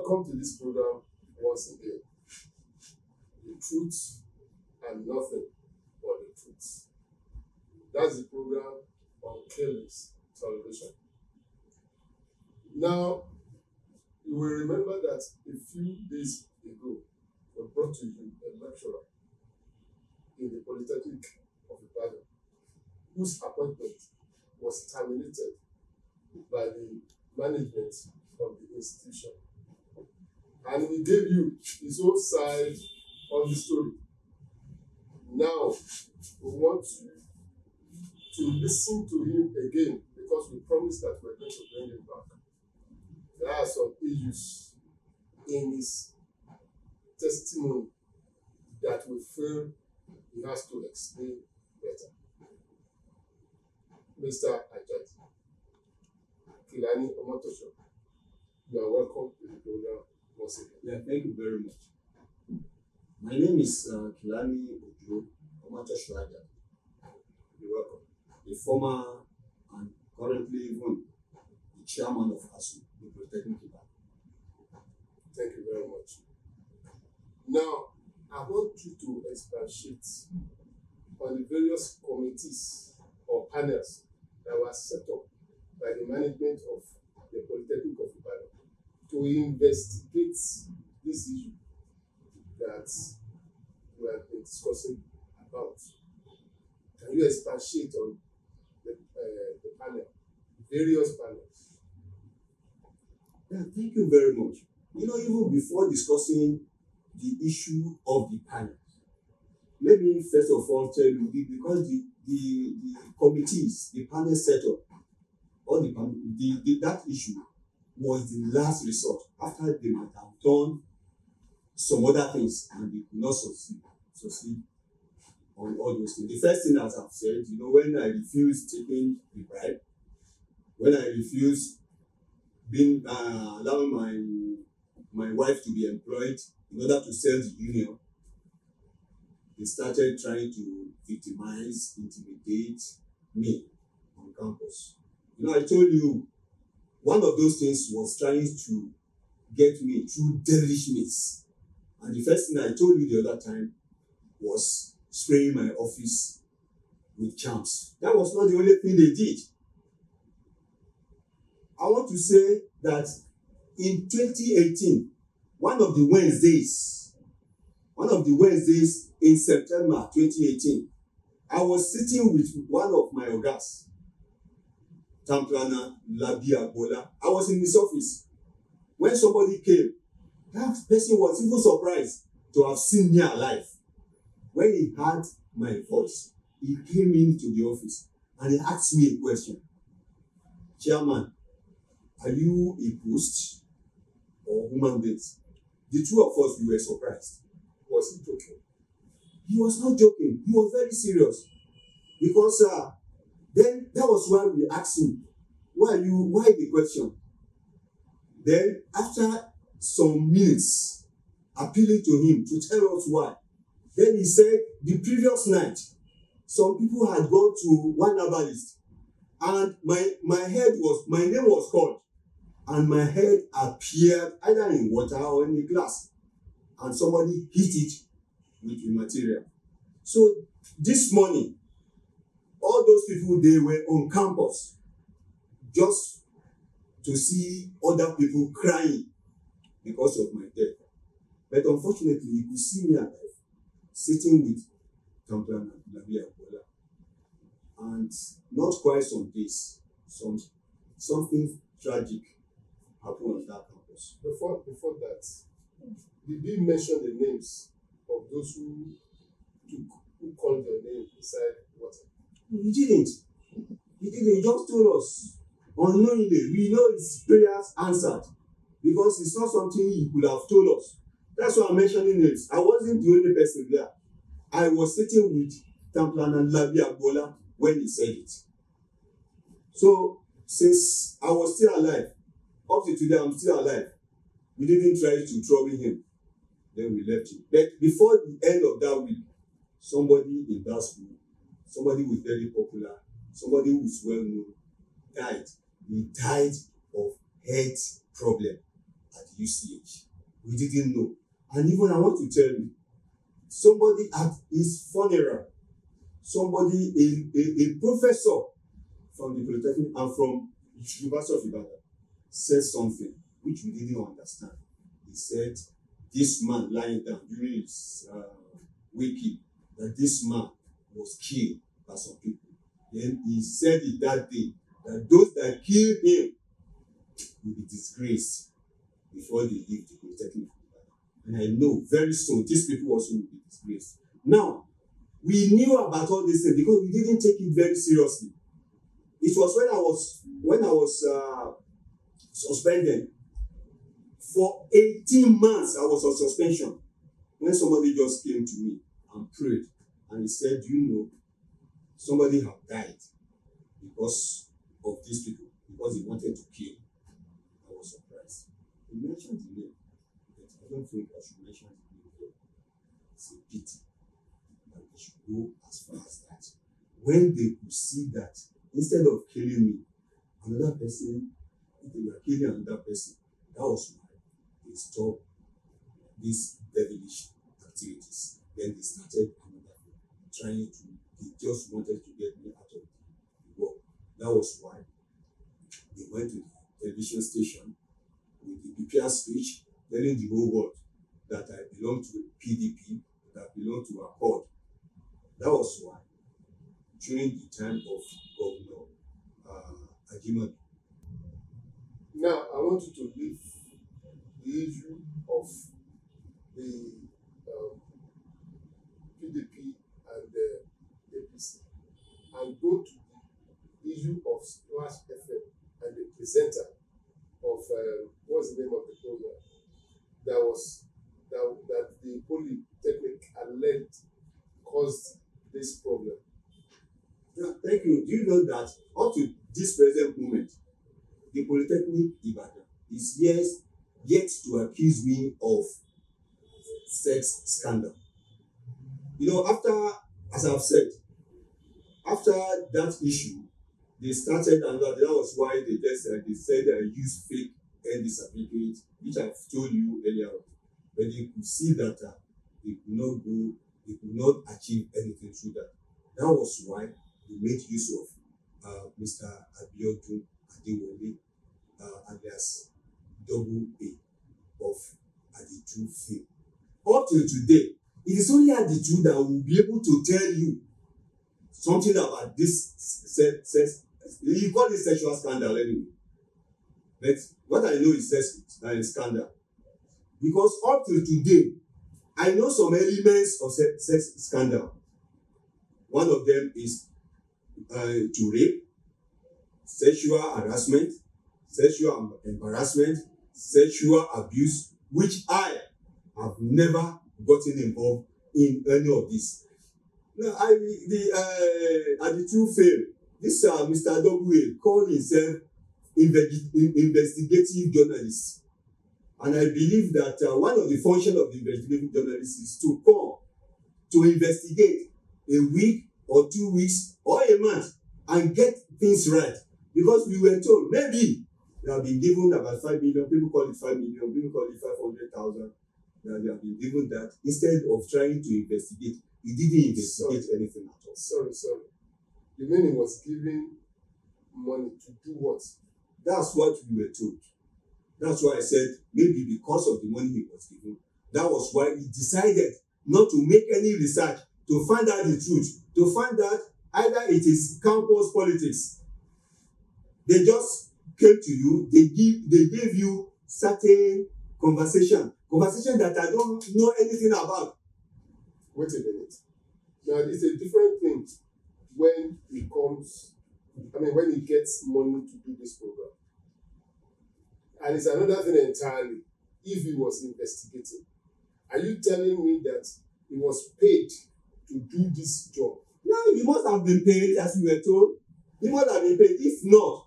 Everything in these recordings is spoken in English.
Welcome to this program once again. The truth and nothing but the truth. That's the program on Kelly's television. Now, you will remember that a few days ago, we brought to you a lecturer in the Polytechnic of Ibadan, whose appointment was terminated by the management of the institution and he gave you his own side of the story. Now, we want you to listen to him again because we promised that we're going to bring him back. There are some issues in his testimony that we feel he has to explain better. Mr. Ajati, Kilani Omotosho, you are welcome to the program. Yeah, thank you very much. My name is uh, Kilani Ojo Omatoshlaja. You're welcome. The former and currently even the chairman of ASU, the Protecting Thank you very much. Now, I want you to expatiate on the various committees or panels that were set up by the management of the Polytechnic of Ibadan to investigate this issue that we have been discussing about. Can you expatiate on the, uh, the panel, various panels? Yeah, thank you very much. You know, even before discussing the issue of the panel, let me first of all tell you because the the, the committees, the panel setup, all the, the, the that issue was the last resort after they might have done some other things and they could not succeed succeed on all those things. The first thing, as I've said, you know, when I refused taking the bribe, when I refused being uh, allowing my my wife to be employed in order to sell the union, they started trying to victimize, intimidate me on campus. You know, I told you One of those things was trying to get me through devilish means. And the first thing I told you the other time was spraying my office with charms. That was not the only thing they did. I want to say that in 2018, one of the Wednesdays, one of the Wednesdays in September 2018, I was sitting with one of my ogas Tantrana Labia Bola. I was in his office. When somebody came, that person was even surprised to have seen me alive. When he heard my voice, he came into the office and he asked me a question. Chairman, are you a ghost or human being? The two of us, we were surprised. Was he joking? He was not joking. He was very serious. Because uh, Then that was why we asked him, why you why the question? Then after some minutes appealing to him to tell us why, then he said the previous night some people had gone to one herbalist and my my head was my name was called and my head appeared either in water or in a glass and somebody hit it with the material. So this morning all those people they were on campus just to see other people crying because of my death but unfortunately you could see me alive sitting with Kamplana Nabi Akola and not quite some days some something tragic happened on that campus. before before that did he mention the names of those who took who called your name inside He didn't. He didn't. He just told us unknowingly. We know his prayers answered because it's not something he could have told us. That's why I'm mentioning names. I wasn't the only person there. I was sitting with Tamplan and Labi Agbola when he said it. So since I was still alive, up to today I'm still alive. We didn't try to trouble him. Then we left him. But before the end of that week, somebody in that school somebody who is very popular, somebody who is well known, died. He died of head problem at UCH. We didn't know. And even I want to tell you, somebody at his funeral, somebody, a, a, a professor from the Polytechnic and from University of Ibadan said something which we didn't understand. He said, this man lying down during his uh, waking, that this man was killed by some people. Then he said it that day that those that killed him will be disgraced before they leave the Polytechnic. And I know very soon these people also will be disgraced. Now, we knew about all this thing because we didn't take it very seriously. It was when I was when I was uh, suspended for 18 months. I was on suspension when somebody just came to me and prayed and he said, Do you know, somebody have died because of these people, because he wanted to kill. I was surprised. He mentioned the name, but I don't think I should mention the name It's a pity that they should go as far as that. When they could see that instead of killing me, another person, they were killing another person. That was why they stopped these devilish activities. Then they started trying to, he just wanted to get me out of the work. That was why he went to the television station with the PPR speech telling the whole world that I belong to PDP, that I belong to Accord. That was why during the time of Governor uh, Ajimabi. Now, I want you to leave the issue of the um, go to the issue of Splash FM and the presenter of um, what's the name of the program that was that, that the polytechnic alleged caused this problem. Now, thank you. Do you know that up to this present moment, the Polytechnic Ibadan is yes, yet to accuse me of sex scandal. You know, after, as I've said, after that issue they started and that was why they just uh, they said i uh, use fake ND certificate which i told you earlier on but they could see that uh, they could not go they could not achieve anything through that that was why they made use of uh, mr abiodun adewale uh, alias double a of aditu fame up till today it is only aditu that will be able to tell you something about this sex sex you call it sexual scandal anyway but what i know is sex uh, scandal because up till today i know some elements of sex, sex scandal one of them is uh, to rape sexual harassment sexual embarrassment sexual abuse which i have never gotten involved in any of this No, I the uh, and the two fail. This uh, Mr. W.A. called himself investi- investigative journalist. And I believe that uh, one of the function of the investigative journalist is to call, to investigate a week or two weeks or a month and get things right. Because we were told maybe they have been given about five million, people call it five million, people call it five hundred 500,000. They have been given that instead of trying to investigate He didn't investigate sorry. anything at all. Sorry, sorry. The meaning was giving money to do what? That's what we were told. That's why I said maybe because of the money he was giving, that was why he decided not to make any research to find out the truth, to find out either it is campus politics. They just came to you, they give they gave you certain conversation, conversation that I don't know anything about wait a minute. Now it's a different thing when it comes, I mean, when he gets money to do this program. And it's another thing entirely if he was investigating. Are you telling me that he was paid to do this job? No, he must have been paid, as we were told. He must have been paid. If not,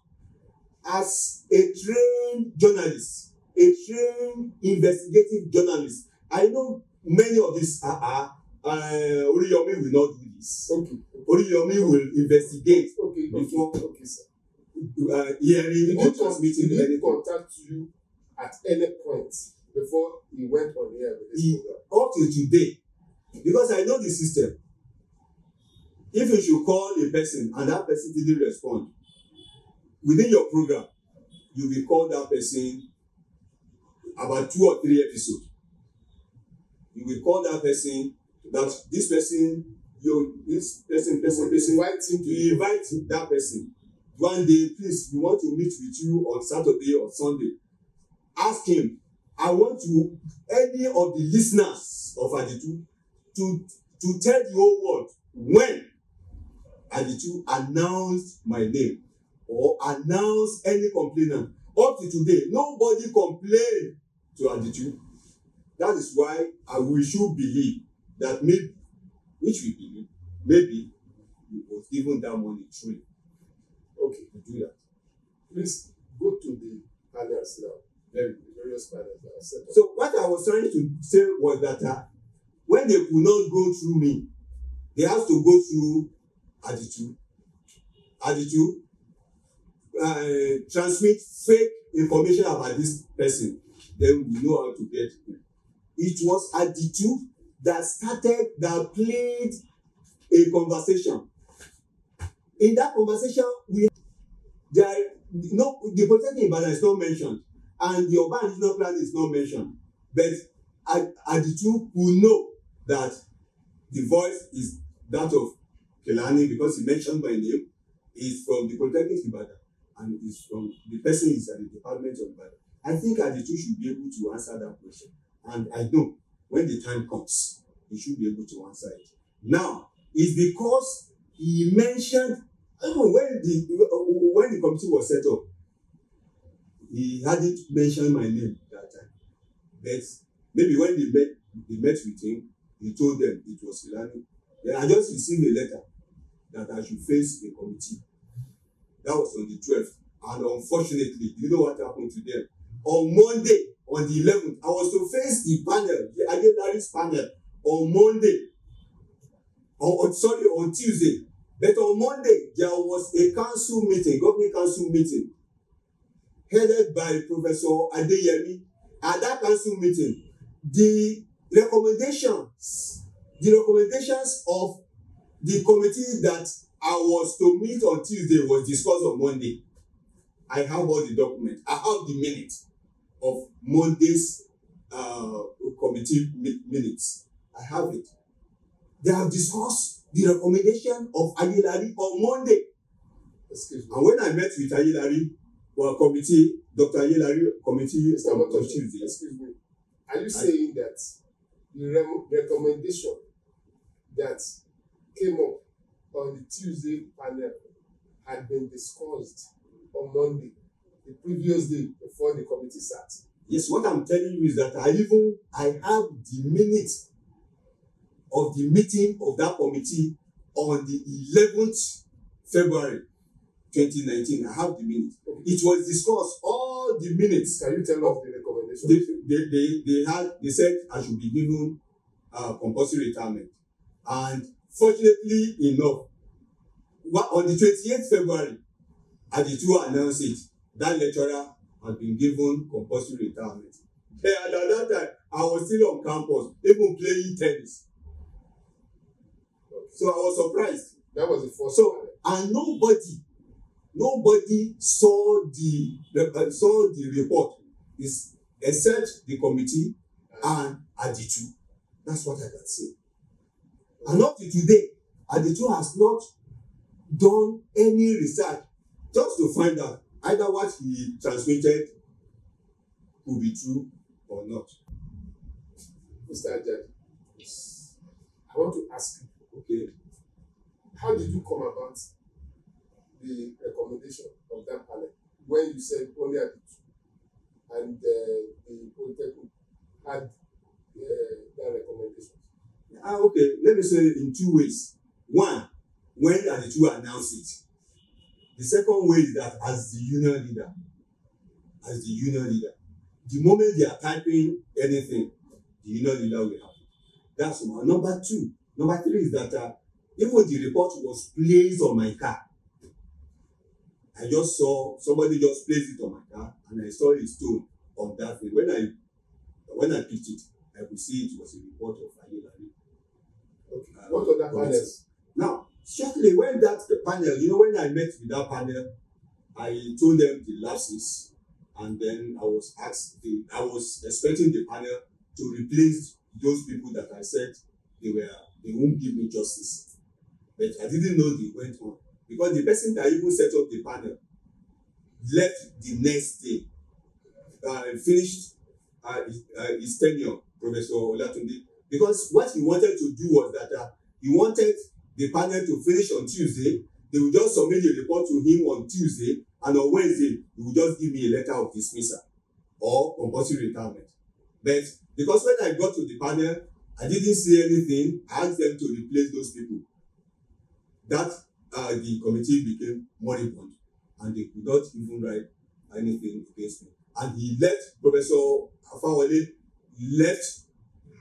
as a trained journalist, a trained investigative journalist, I know many of these are, uh-uh, are uh, eh, Oriyomi will not do this. Okay. Oriyomi will investigate okay. before okay, sir. Uh, hearing or transmitting anything. Did he contact you at any point before he went on air with this he, program? Up till today, because I know the system. If you should call a person and that person didn't respond, within your program, you will call that person about two or three episodes. You will call that person that this person you this person person person invite him to invite that person one day please we want to meet with you on saturday or sunday ask him i want to any of the lis ten ers of aditu to to tell the whole world when aditu announced my name or announced any complainant up to today nobody complain to aditu that is why i will should believe that maybe, which we believe, maybe you was given that money truly. Okay, to do that. Please go to the panels now. various panels So what I was trying to say was that uh, when they could not go through me, they have to go through attitude, attitude, uh, transmit fake information about this person. Then we know how to get it. It was attitude that started that played a conversation in that conversation we there no the protest in Ibadan is not mentioned and the urban Regional Plan is not mentioned but Aditu will know that the voice is that of Kelani because he mentioned my name is from the Polytechnic Ibadan and is from the person is at the Department of Ibadan. I think Aditu should be able to answer that question and I know when the time comes, you should be able to answer it. Now, it's because he mentioned even when the when the committee was set up, he hadn't mentioned my name that time. But maybe when they met they met with him, he told them it was Kilani. Then I just received a letter that I should face the committee. That was on the 12th. And unfortunately, you know what happened to them? On Monday, on the eleventh I was to face the panel the Adelari's panel on Monday on, on sorry on Tuesday but on Monday there was a council meeting government council meeting headed by Professor Adeyemi at that council meeting the recommendations the recommendations of the committee that I was to meet on Tuesday was discussed on Monday. I have all the documents. I have the minutes of Monday's uh, committee minutes. I have it. They have discussed the recommendation of Aguilari on Monday. Excuse me. And when I met with Aguilari, well, committee, Dr. Aguilari committee um, Excuse me. Are you I, saying that the re- recommendation that came up on the Tuesday panel had been discussed on Monday the previous day before the committee sat. Yes, what I'm telling you is that I even I have the minute of the meeting of that committee on the eleventh th February 2019. I have the minute. Okay. It was discussed all the minutes. Can you tell us the recommendation? They, they, they, they had they said I should be given uh, compulsory retirement, and fortunately enough, on the 28th February, Aditua announced it that lecturer had been given compulsory retirement. Hey, at that time, I was still on campus, even playing tennis. So I was surprised. That was the first. So and nobody, nobody saw the uh, saw the report, is except the committee and Aditu. That's what I can say. And up to today, Aditu has not done any research just to find out Either what he transmitted could be true or not. Mr. Ajay, yes. I want to ask you, okay, how did you come about the recommendation of that panel when you said only at the and uh, the Polytechnic had uh, that recommendation? Ah, okay, let me say it in two ways. One, when the two announced it, The second way is that as the union leader, as the union leader, the moment they are typing anything, the union leader will have it. That's one. Number two, number three is that uh, even the report was placed on my car. I just saw somebody just placed it on my car and I saw a stone on that thing. When I when I picked it, I could see it was a report of Ayelari. Okay. Uh, what other that shortly when that panel you know when i met with that panel i told them the lapses and then i was asked the i was expecting the panel to replace those people that i said they were they won't give me justice but i didn't know they went on because the person that even set up the panel left the next day uh, finished uh, his, uh, his tenure professor olatunde because what he wanted to do was that uh, he wanted the panel to finish on Tuesday. They will just submit a report to him on Tuesday, and on Wednesday, he will just give me a letter of dismissal or compulsory retirement. But because when I got to the panel, I didn't see anything, I asked them to replace those people. That uh, the committee became moribund, and they could not even write anything against me. And he left, Professor Afawale left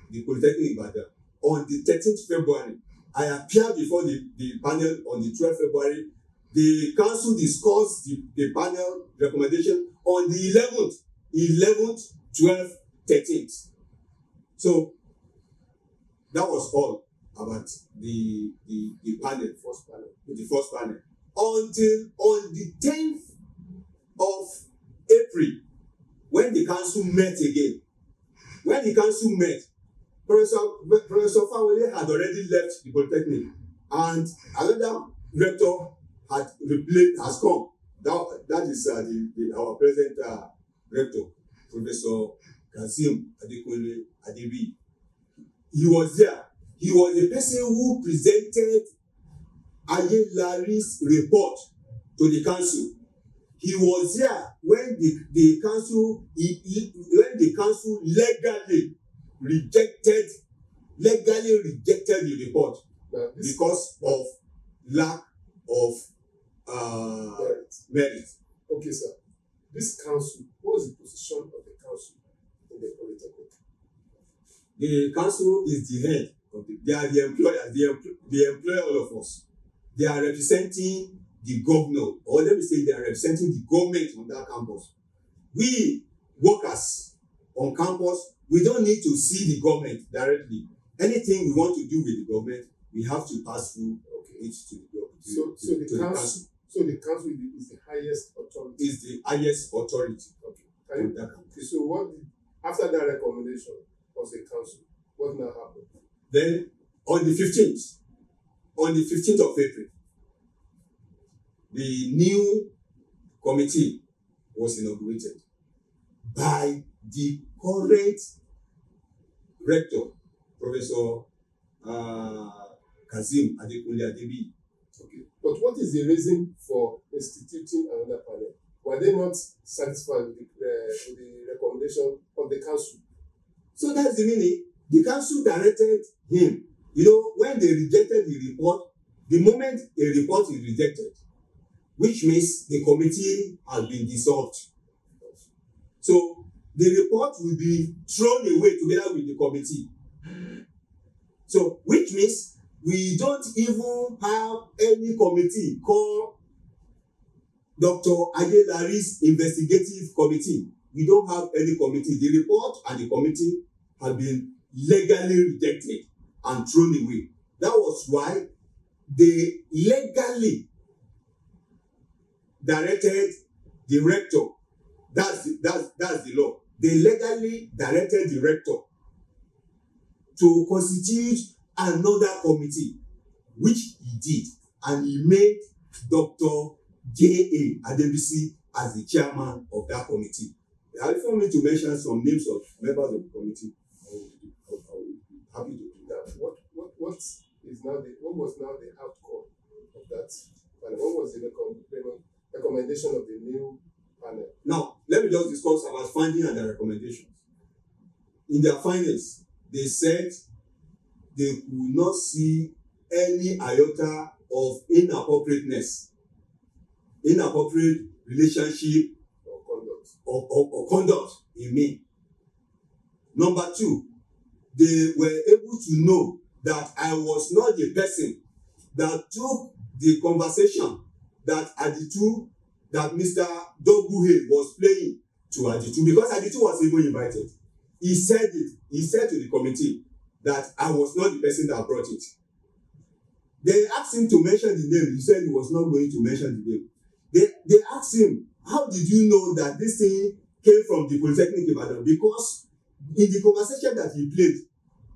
the Polytechnic Ibadan on the 13th February I appeared before the, the panel on the 12th February. The council discussed the, the panel recommendation on the 11th, 11th, 12th, 13th. So that was all about the, the, the panel, first panel, the first panel. Until on the 10th of April, when the council met again, when the council met, Professor Professor Fawele had already left the polytechnic and another rector had replaced has come that that is uh, the, the our present uh, rector Professor Kazeem Adekunle Adebi he was there he was the person who presented Ayelari's report to the council he was there when the the council he, he when the council legally rejected legally rejected the report because of lack of uh, merit. merit. Okay, sir. This council, what is the position of the council in the political? The council is the head. Of the, they are the employer. They, they employ all of us. They are representing the governor, or let me say, they are representing the government on that campus. We workers on campus We don't need to see the government directly. Anything we want to do with the government, we have to pass through okay. it to the government. So, so the, council, the council. So the council is the highest authority. Is the highest authority. Okay. Can you, okay. So what after that recommendation of the council, what now happened? Then on the fifteenth, on the fifteenth of April, the new committee was inaugurated by the current rector Professor uh, Kazim Adekunle Adebiyi. Okay. But what is the reason for instituting another panel? Were they not satisfied with the, uh, with the recommendation of the council? So that's the meaning. The council directed him. You know, when they rejected the report, the moment a report is rejected, which means the committee has been dissolved. So the report will be thrown away together with the committee. So, which means we don't even have any committee called Dr. Ayelari's investigative committee. We don't have any committee. The report and the committee have been legally rejected and thrown away. That was why they legally directed the rector. That's that's, that's the law they legally directed the rector to constitute another committee which he did and he made Dr. J.A. Adebisi as the chairman of that committee. I just want me to mention some names of members of the committee. I will be happy to do that. What, what, what is now the, what was now the outcome of that? And what was the recommendation of the new Now, let me just discuss about finding and the recommendations. In their findings, they said they could not see any iota of inappropriateness, inappropriate relationship or conduct, or, or, or conduct in me. Number two, they were able to know that I was not the person that took the conversation that attitude that Mr. Dogbuhe was playing to Aditu because Aditu was even invited. He said it, he said to the committee that I was not the person that brought it. They asked him to mention the name. He said he was not going to mention the name. They, they asked him, How did you know that this thing came from the Polytechnic Ibadan? Because in the conversation that he played,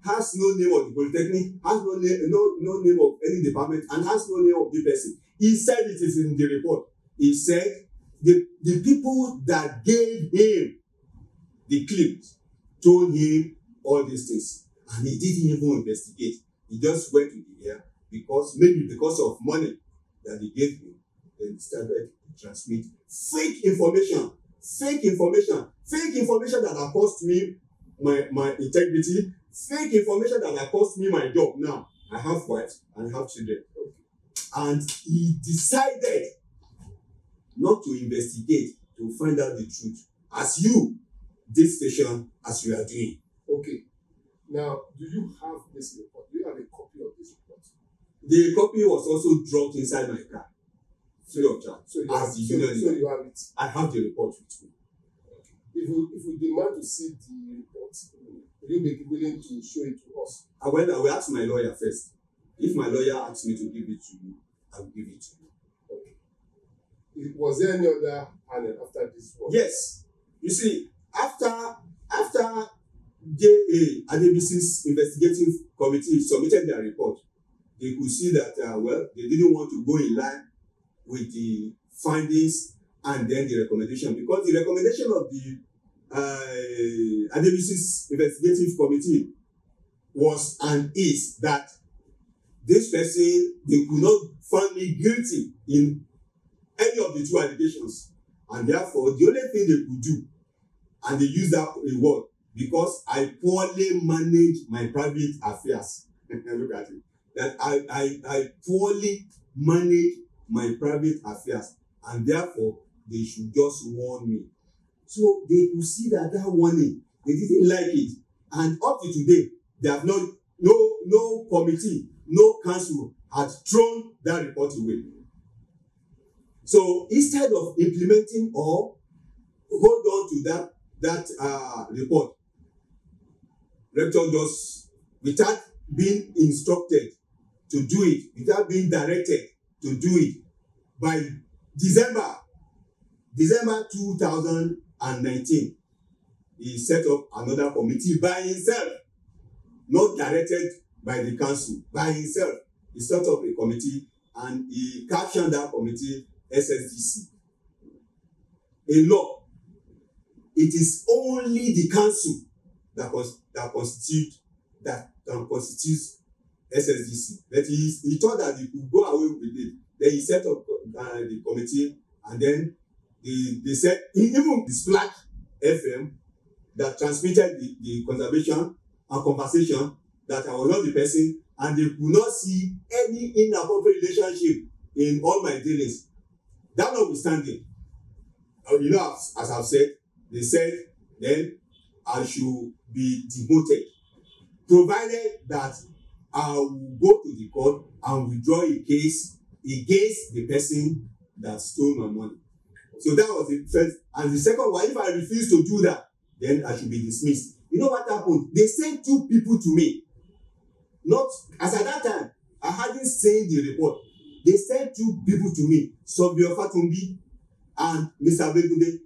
has no name of the polytechnic has no name no no name of any department and has no name of the person he said it is in the report He said, the, the people that gave him the clip told him all these things. And he didn't even investigate. He just went to the air because maybe because of money that he gave him, then he started to transmit fake information, fake information, fake information that have cost me my, my integrity, fake information that have cost me my job now. I have wife and I have children. And he decided not to investigate to find out the truth as you this station as you are doing. okay now do you have this report do you have a copy of this report. the copy was also dropped inside my car So, of charge so you as have, the so, union so you have it. i have the report with me. if we if we demand to see the report will you be willing to show it to us. i will. i will ask my lawyer first if my lawyer asks me to give it to you i will give it to you was there any other panel after this one? Yes. You see, after after J.A. Adebisi's investigative committee submitted their report, they could see that, uh, well, they didn't want to go in line with the findings and then the recommendation because the recommendation of the uh, Adebisi's investigative committee was and is that this person they could not find me guilty in any of the two allegations and therefore the only thing they could do and they use that reward because I poorly manage my private affairs look at it that I I I poorly manage my private affairs and therefore they should just warn me so they could see that that warning they didn't like it and up to today they have not no no committee no council had thrown that report away So instead of implementing or hold on to that that uh, report, rector just without being instructed to do it, without being directed to do it by December, December two thousand and nineteen, he set up another committee by himself, not directed by the council, by himself. He set up a committee and he captioned that committee SSDC. A law. It is only the council that, cons- that constitute that can constitute SSDC. But he, he thought that he could go away with it. Then he set up uh, the committee and then they, they said even the Splash FM that transmitted the, the conservation and conversation that I was not the person and they could not see any inappropriate relationship in all my dealings That notwithstanding, uh, you know, as, as I've said, they said then I should be demoted, provided that I will go to the court and withdraw a case against the person that stole my money. So that was the first. And the second one, if I refuse to do that, then I should be dismissed. You know what happened? They sent two people to me. Not as at that time, I hadn't seen the report. They sent two people to me, Sobio Fatumbi and Mr. Abegunde.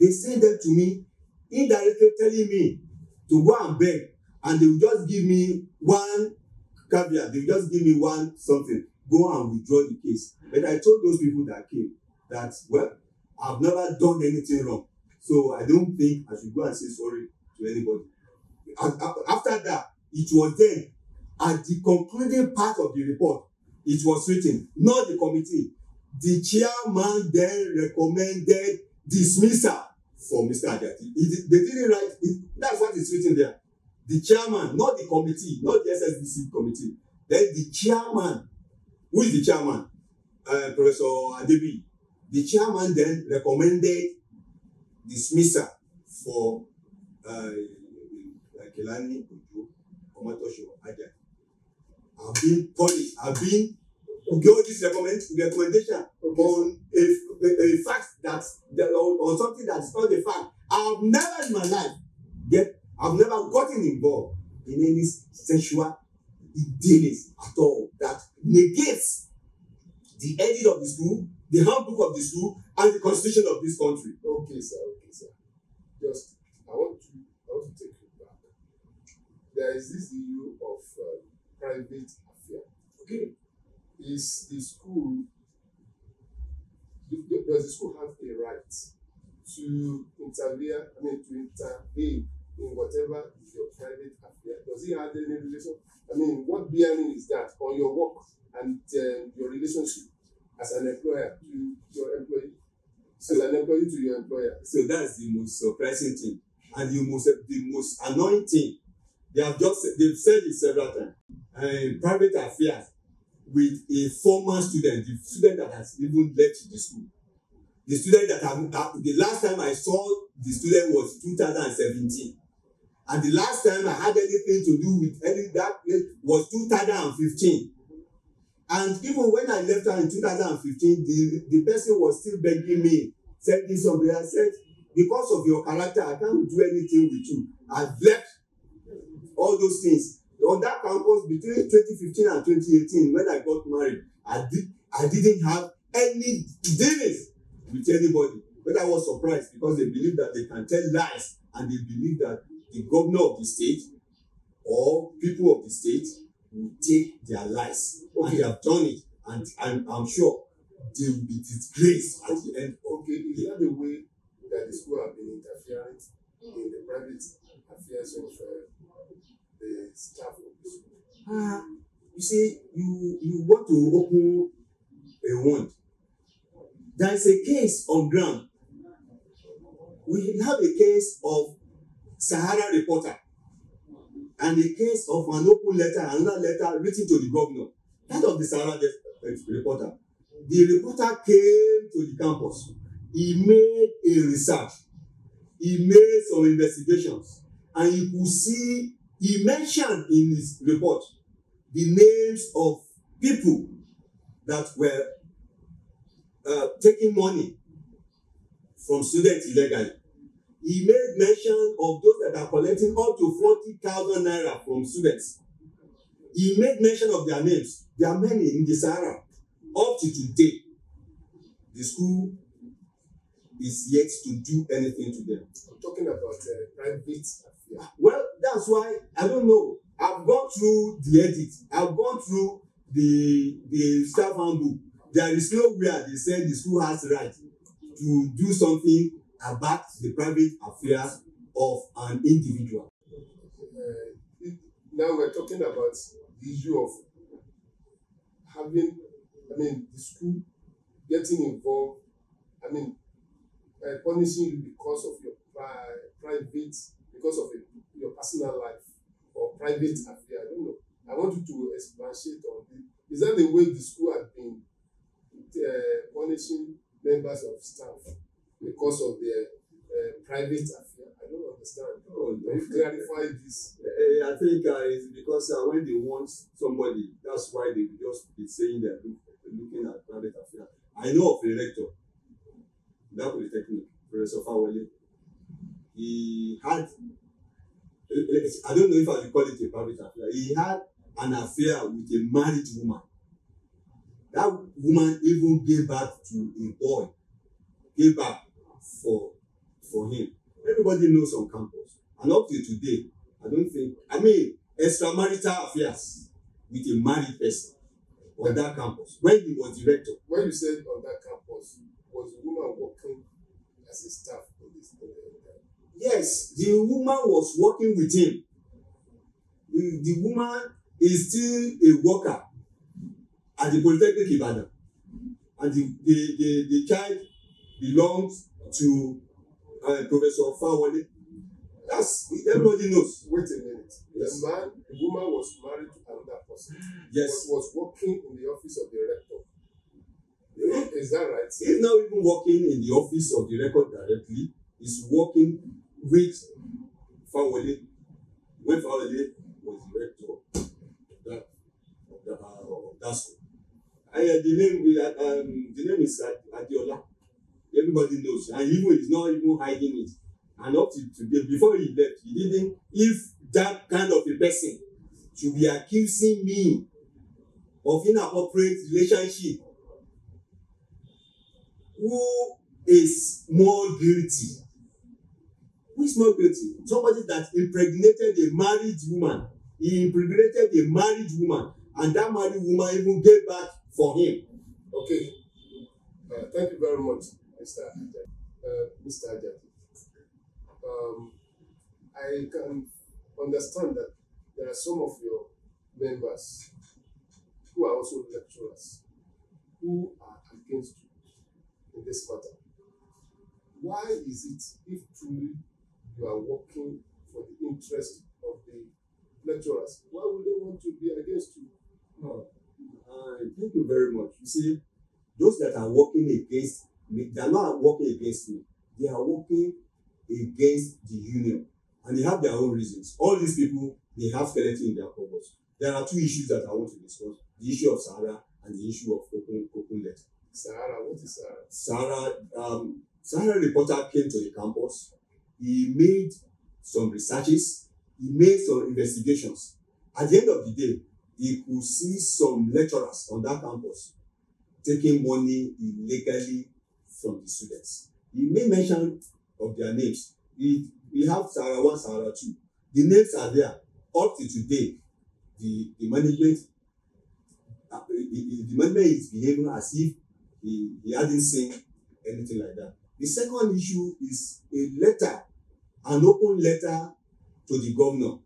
They sent them to me indirectly telling me to go and beg and they will just give me one caviar. they will just give me one something, go and withdraw the case. But I told those people that came that, well, I've never done anything wrong. So I don't think I should go and say sorry to anybody. After that, it was then at the concluding part of the report it was written, not the committee. The chairman then recommended dismissal for Mr. Ajati. they didn't write it. That's what is written there. The chairman, not the committee, not the SSDC committee. Then the chairman, who is the chairman? Uh, Professor Adebi. The chairman then recommended dismissal for uh, Kelani Ojo Omotosho Ajati. I've been punished. I've been to get all this recommend, recommendation on a, a, a fact that, that on, something that is not a fact. I've never in my life get I've never gotten involved in any sexual dealings at all that negates the edit of the school, the handbook of the school, and the constitution of this country. Okay, sir. Okay, sir. Just I want to I want to take you back. There is this issue of uh, private affair. Okay is the school does the school have a right to intervene i mean to intervene in whatever is your private affair does it have any relation i mean what bearing is that on your work and uh, your relationship as an employer to your employee so, as an employee to your employer. so that's the most surprising thing and the most the most annoying thing they have just they've said it several times uh, private affairs with a former student the student that has even left the school the student that i the last time i saw the student was two thousand and seventeen and the last time i had anything to do with any that place was two thousand and fifteen and even when i left her in two thousand and fifteen the the person was still begging me said this something i said because of your character i can't do anything with you i left all those things on that campus between 2015 and 2018 when I got married, I did I didn't have any dealings with anybody. But I was surprised because they believe that they can tell lies and they believe that the governor of the state or people of the state will take their lies. Okay. And they have done it, and, and I'm sure they will be disgraced at the end okay. Is that the way that the school have been interfering in the private affairs of uh, the staff ah, you say you you want to open a wound. There is a case on ground. We have a case of Sahara reporter and a case of an open letter, another letter written to the governor. That of the Sahara eh, reporter. The reporter came to the campus. He made a research. He made some investigations. And you could see, he mentioned in his report the names of people that were uh, taking money from students illegally. He made mention of those that are collecting up to forty thousand naira from students. He made mention of their names. There are many in the Sahara. Up to today, the school is yet to do anything to them. I'm talking about uh, private affairs. Well, that's why I don't know I've gone through the edit. I've gone through the the staff handbook. There is no where they say the school has right to do something about the private affairs of an individual. Uh, now we're talking about the issue of having, I mean, the school getting involved, I mean, uh, punishing you because of your pri- private, because of your, your personal life or private affair. I don't know. I want you to expatiate on it. Is that the way the school had been uh, punishing members of staff because of their uh, private affair? I don't understand. Oh, no. Can you clarify this? Uh, I think uh, it's because uh, when they want somebody, that's why they just be saying they're looking at private affair. I know of a rector, that polytechnic, Professor Fawale. He had I don't know if I should call it a private affair. He had an affair with a married woman. That woman even gave back to a boy, gave back for for him. Everybody knows on campus. And up to today, I don't think, I mean, extramarital affairs with a married person on that campus when he was director. When you said on that. yes the woman was working with him the, the woman is still a worker at the polytechnic ibadan and the the the, the child belongs to uh, professor fawole that's everybody knows. wait a minute yes. the man the woman was married to another person. yes was was working in the office of the rector. Is that right? He's not even working in the office of the record directly. He's working which Fawole when Fawole was rector of that of that uh, of that school and uh, the name uh, um, the name is Adeola everybody knows and even he's not even hiding it and up to today before he left he didn't if that kind of a person should be accusing me of inappropriate relationship who is more guilty who is not guilty somebody that impregnated a married woman he impregnated a married woman and that married woman even gave back for him. okay uh, thank you very much mr ajay uh, mr ajay um, i can understand that there are some of your members who are also lecturers who are against you in this matter why is it if truly you are working for the interest of the lecturers. Why would they want to be against you? No. Uh, thank you very much. You see, those that are working against me, they are not working against me. They are working against the union. And they have their own reasons. All these people, they have skeleton in their pockets. There are two issues that I want to discuss the issue of Sahara and the issue of open, open letter. Sahara, what is Sahara? Sahara, um, Sahara reporter came to the campus he made some researches he made some investigations at the end of the day he could see some lecturers on that campus taking money illegally from the students he made mention of their names he we have Sarah one Sarah two the names are there up to today the the management uh, the, the management is behaving as if he he hadn't seen anything like that the second issue is a letter an open letter to the governor,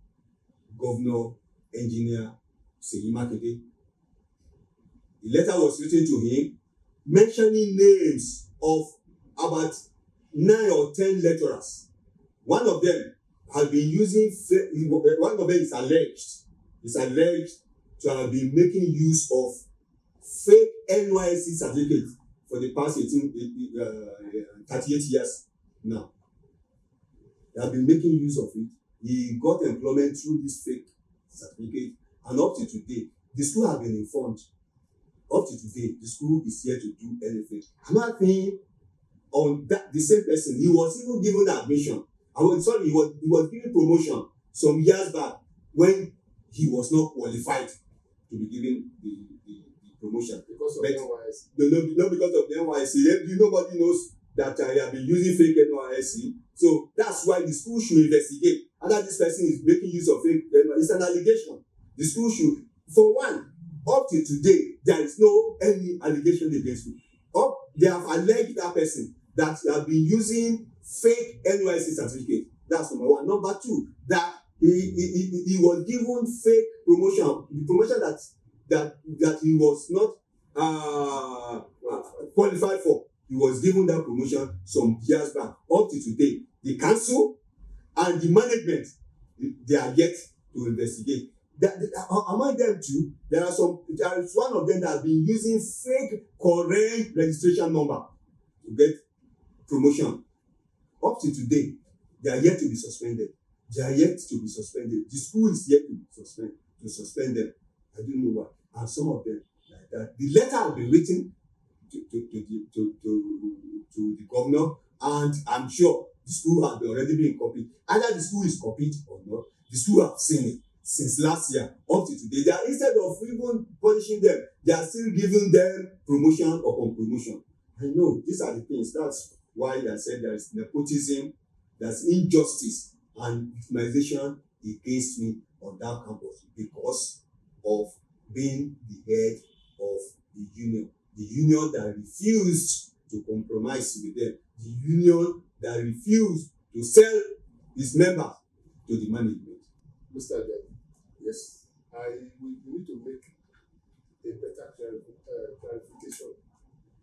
Governor Engineer Seyi Makinde. The letter was written to him mentioning names of about nine or ten lecturers. One of them has been using, one of them is alleged, is alleged to have been making use of fake NYSC certificate for the past 18, uh, 38 years now. They have been making use of it. He got employment through this fake certificate. And up to today, the school has been informed. Up to today, the school is here to do anything. Another thing on that the same person, he was even given admission. I was sorry, he was he was given promotion some years back when he was not qualified to be given the, the, the promotion. Because of but, NYSC. No, no, not because of the NYSC. Nobody knows that I have been using fake NYSC So that's why the school should investigate whether this person is making use of fake. Uh, it's an allegation. The school should, for one, up till today, there is no any allegation against me. Up, they have alleged that person that they have been using fake NYC certificate. That's number one. Number two, that he, he, he, he was given fake promotion, the promotion that that that he was not uh, uh qualified for he was given that promotion some years back up to today the council and the management they are yet to investigate that, that among them too there are some there is one of them that has been using fake correct registration number to get promotion up to today they are yet to be suspended they are yet to be suspended the school is yet to suspend to suspend them i don't know why and some of them like that the letter will be written to, to, to, the, to, to, the governor and i'm sure the school has already been copied either the school is copied or not the school have seen it since last year up to today they are instead of even punishing them they are still giving them promotion upon promotion i know these are the things that's why i said there is nepotism there's injustice and victimization against me on that campus because of being the head of the union the union that refused to compromise with them, the union that refused to sell its members to the management. Mr. Adel, yes, I we need to make a better uh, clarification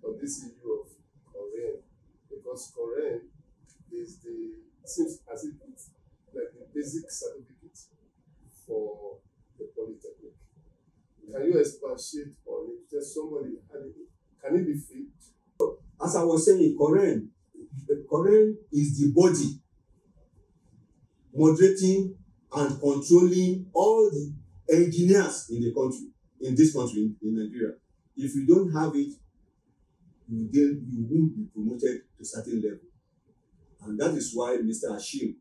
on this issue of Korean because Korean is the seems as if it's like the basic certificate for the polytech. Can you expatiate on it? Just somebody Can it be faked? As I was saying, Quran, the Quran is the body moderating and controlling all the engineers in the country, in this country, in Nigeria. If you don't have it, you then you won't be promoted to certain level. And that is why Mr. Hashim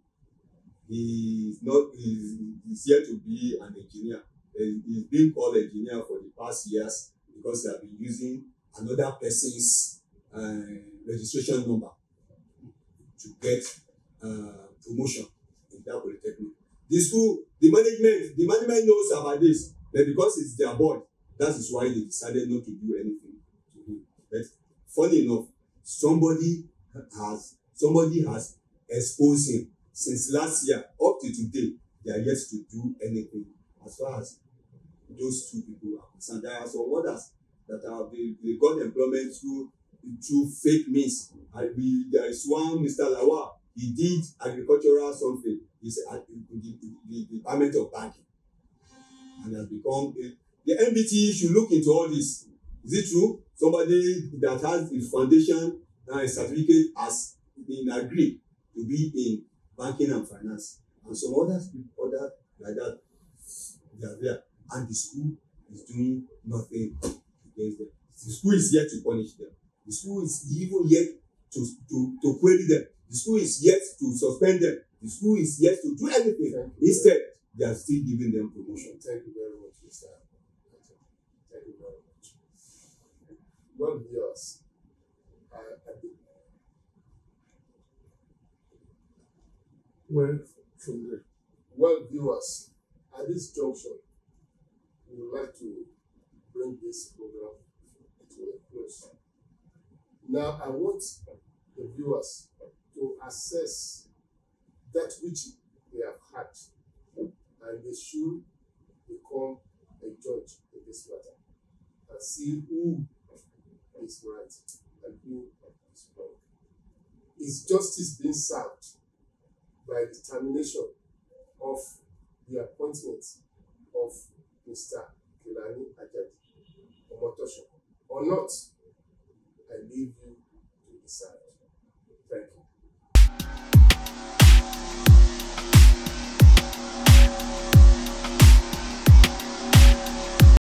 is not is, is here to be an engineer he's been called engineer for the past years because they have been using another person's uh, registration number to get uh, promotion in that polytechnic. The school, the management, the management knows about this, but because it's their boy, that is why they decided not to do anything to him. But funny enough, somebody has somebody has exposed him since last year up to today. They are yet to do anything as far as those two people are concerned. There are some others that have they, got employment through through fake means. And be there is one Mr. Lawa. he did agricultural something is at the, department of banking and has become a, the MBT should look into all this is it true somebody that has the foundation and a certificate has been agreed to be in banking and finance and some others other like that they are there and the school is doing nothing against them. The school is yet to punish them. The school is even yet to, to, to query them. The school is yet to suspend them. The school is yet to do anything. Instead, they are still giving them promotion. Thank you very much, Mr. Thank you very much. Well, viewers, Well, from the well, viewers, at this junction, would like to bring this program to a close. Now, I want the viewers to assess that which they have had, and they should become a judge in this matter and see who is right and who is wrong. Is justice being served by the termination of the appointment of Mr. Kehlani Ajadi Omotoso. Or not, I leave you to decide. Thank you.